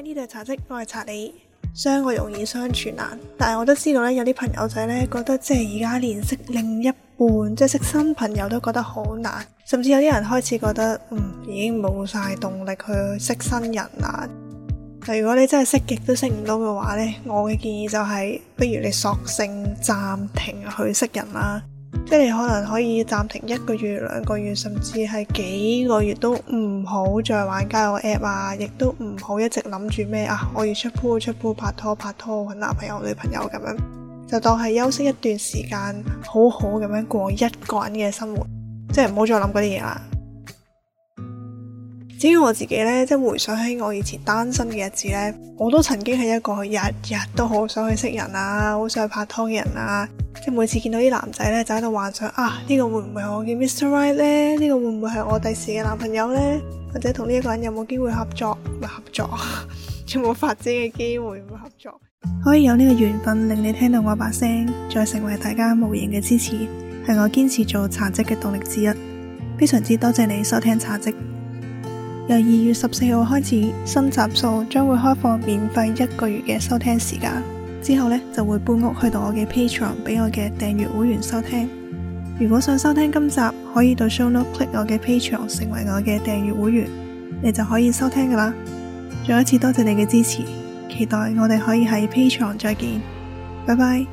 呢度係茶嘖，我係茶你。相愛容易，相處難。但係我都知道咧，有啲朋友仔咧覺得，即係而家連識另一半，即係識新朋友都覺得好難。甚至有啲人開始覺得，嗯，已經冇晒動力去識新人啦。但如果你真係識極都識唔到嘅話咧，我嘅建議就係，不如你索性暫停去識人啦。即係你可能可以暫停一個月、兩個月，甚至係幾個月都唔好再玩交友 app 啊，亦都唔好一直諗住咩啊，我要出 pool 出 pool，拍拖拍拖，搵男朋友女朋友咁樣，就當係休息一段時間，好好咁樣過一個人嘅生活，即係唔好再諗嗰啲嘢啦。至於我自己呢，即係回想起我以前單身嘅日子呢，我都曾經係一個日日都好想去識人啊，好想去拍拖嘅人啊。每次見到啲男仔呢，就喺度幻想啊！呢個會唔會係我嘅 Mr. Right 呢？呢個會唔會係我第時嘅男朋友呢？」「或者同呢一個人有冇機會合作？唔係合作，有冇發展嘅機會？唔合作，可以有呢個緣分令你聽到我把聲，再成為大家無形嘅支持，係我堅持做茶職嘅動力之一。非常之多謝你收聽茶職。由二月十四號開始，新集數將會開放免費一個月嘅收聽時間。之後呢，就會搬屋去到我嘅 Patreon 俾我嘅訂閱會員收聽。如果想收聽今集，可以到 show note click 我嘅 Patreon 成為我嘅訂閱會員，你就可以收聽噶啦。再一次多謝，謝你嘅支持，期待我哋可以喺 Patreon 再見。拜拜。